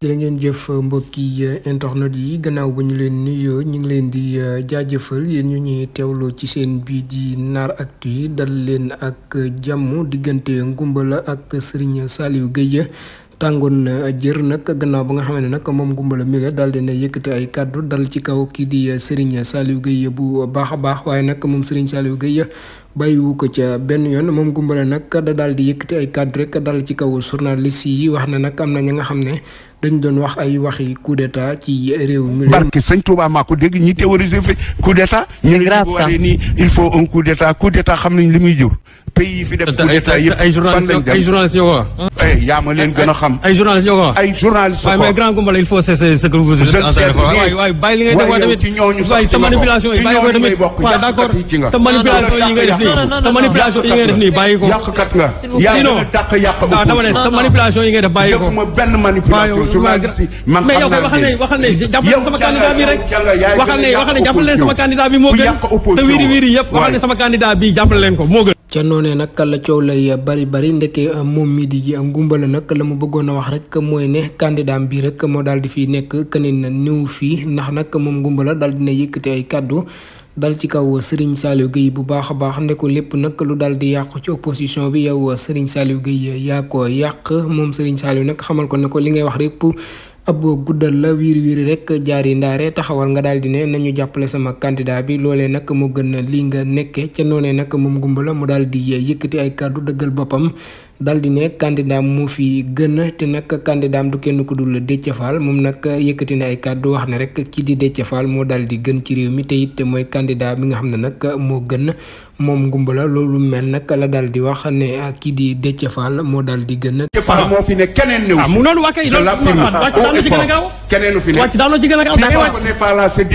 jërë ngeen jëf mbokki eh, internet yi gannaaw ba ñu leen nuyoo ñu ngi leen di eh, jaajëfal yéen ñu ñuy teewloo ci seen bii di naar actu yi dal leen ak eh, jàmm diggante la ak Serigne Saliou Gueye tàngoon na eh, jër nag gannaaw ba nga xam ne nag moom Goumbala mi la daal di na yëkkati ay kàddu dal ci kaw kii di eh, Serigne Saliou Gueye bu baax a baax waaye nag moom Serigne Saliou Gueye bàyyiwu ko ca benn yoon moom Goumbala nag da daal di yëkkati ay kàddu rek dal ci kaw journaliste yi wax na nag am na ñi nga xam ne dañ doon wax ay waxi coup d'état ci réew mi. barke sëñ Touba maa ko dégg ñi théorisé fi coup d'état ñu ne bu waree nii il faut un coup d'état coup xam nañ li muy jur pays yi fi def waaye eh, yaa ma leen gën a xam. ay journaliste ñoo ko wax ay journaliste. waaw mais il faut cesser ce que vous dites. waay waay bàyyi li tamit ci ñooñu sax yi ci nga. sa ko. yaa ngi ne dàq yàq bu dama ne sa manipulation yi ngay def bàyyi ko. defuma leen sama candidat bi moo wiiri wiiri yëpp waxal ne sama candidat bi leen ko moo ca noonee nag la coow lay bari bari ndeke uh, moom mii di uh, ngumba la nag la mu bëggoon a wax rek mooy ne candidat bii rek moo daal di fiy nekk na néew fii ndax nag moom ngumba ngumbala daal dina yëkkati ay kàddu dal ci kaw Serigne Saliou Gueye bu baax a baax ne ko lépp nag lu daal di yàqu ci opposition bi yow Serigne Saliou Gueye yaa ko yàq moom Serigne Saliou nag xamal ko ne ko li ngay wax rek ab guddal la wiir wiiri rek jaari ndaare taxawal nga daal di ne nañu jàppale sama candidat bi loolee nag moo gën li nga nekkee ca noonee nag moom gumba la mu daal di yëkkati ay kàddu dëggal boppam dal di ne candidat moo fi gën te nag candidat am du kenn ku dul Déthié Fall moom nag yëkkati na ay kàddu wax ne rek kii di Déthié Fall moo dal di gën ci réew mi te it mooy candidat bi nga xam ne nag moo gën moom ngumbala loolu mel nag dal di wax ne kii di Déthié Fall moo dal di gën. Déthié Fall moo fi ne keneen néew. ah mu waa kay a ne wàcc daan na ci gën a gaaw. a gaaw ay pousse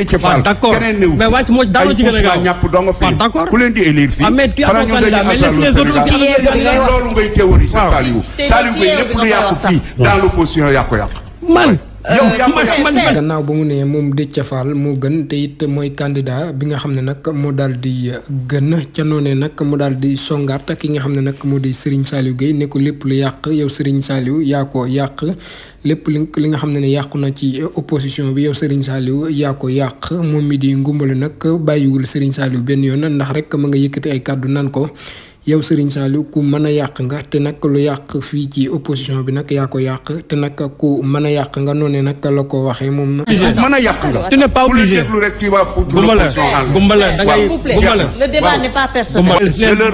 la ku leen di élire fii. ah mais tu as favori sa Saliou lépp lu yàqu fii dans l'opposition yaa ko yàq man yow yaa ko yàq ne moom Déthié Fall moo gën te mooy candidat bi nga xam ne nag moo daal di gën ca noonee nag mu daal di songaat ki nga xam ne nag moo di Serigne Saliou Gueye ne lépp lu yàq yow Serigne Saliou yaa yàq lépp li li nga xam ne ne yàqu na ci opposition bi yow sëriñ Saliou yaa ko yàq moom mi di ngumbale nag bàyyiwul Serigne Saliou benn yoon ndax rek ma nga yëkkati ay kàddu naan ko yow Serigne Saliou ku mën a yàq nga te nag lu yàq fii ci opposition bi nag yaa ko yàq te nag ku mën a yàq nga noonu nag la ko waxee moom. mën a yàq nga. tu n'es pas obligé ku la déglu rek tu vas foutre l'opposition. Gumbala Gumbala da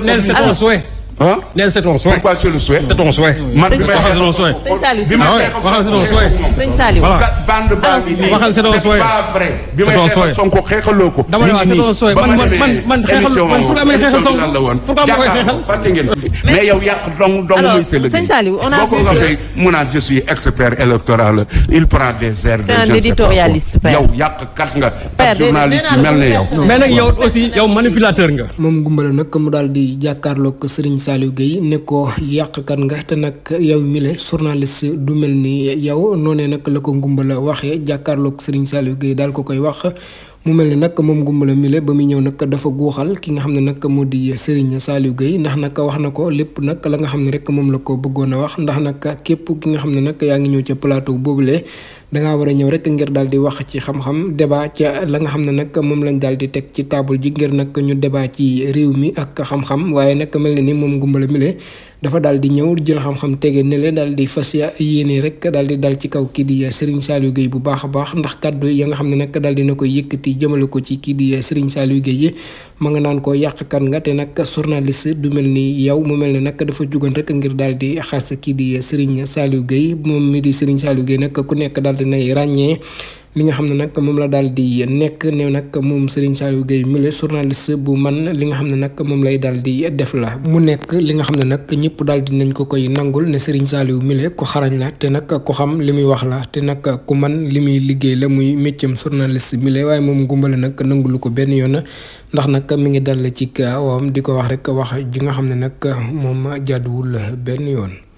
ngay ah nee na c'est ton souhait. pourquoi je le souhaite. c'est ton souhait. man bi may waxal c'est ton souhait. sëñ Saliou bande ba bi nii c'est pas vrai. bi may xeexal Sonko xeexaloo ko. dama ne waaw c'est ton souhait man man man xeexal man pourquoi may xeexal Sonko pourquoi ma koy xeexal. fàtte ngeen mais yow yàq dong dong muy sële. alors sëñ Saliou on a vu boo ko waxee mu naan je suis expert électoral il prend des airs de je ne sais pas. c'est un éditorialiste père yow yàqkat nga. ak journaliste mel ne yow. mais nag yow aussi yow manipulateur nga. moom Goumbala nag mu daal di jàkkaarloog Serigne Saliou Guèye ne ko yàqkat nga te nag yow la journaliste du mel ni yow noonee nag la ko ngumbala waxee jàkkaarloog Serigne Saliou Guèye daal ko koy wax mu mel ni nag moom Goumbala Mile ba muy ñëw nag dafa guuxal ki nga xam ne nag moo di Serigne Saliou Gueye ndax nag wax na ko lépp nag la nga xam ne rek moom la ko bëggoon a wax ndax nag képp ki nga xam ne nag yaa ngi ñëw ca plateau boobule dangaa war a ñëw rek ngir daal di wax ci xam-xam débat la nga xam ne nag moom lañ daal di teg ci table ji ngir nag ñu débat ci réew mi ak xam waaye nag mel na ni moom Goumbala Mile dafa daal di ñëw jël xam-xam tege leen daal di fas yéene rek daal di dal ci kaw kii di Serigne Saliou Gueye bu baax a baax ndax kàddu ya nga xam ne nag daal na koy yëkkati fii jëmale ko ci kii di Serigne Saliou Guèye ma nga naan ko yàqkan nga te nag journaliste du mel ni yow mu mel ne nag dafa jugoon rek ngir daal di xas kii di Serigne Saliou Guèye moom mi di Serigne Saliou Guèye nag ku nekk daal di nay ràññee. li nga xam ne nag moom la daal di nekk ne nag moom Serigne Saliou Gueye Mille journaliste bu man li nga xam ne nag moom lay daal di def la mu nekk li nga xam ne nag ñëpp daal di nañ ko koy nangul ne Serigne Saliou Mille ko xarañ la te nag ko xam li muy wax la te nag ku man li muy liggéey la muy méccam journaliste Mille waaye moom gumbale nag nangulu ko benn yoon ndax nag mi ngi dal ci kaawam di ko wax rek wax ji nga xam ne nag moom la benn yoon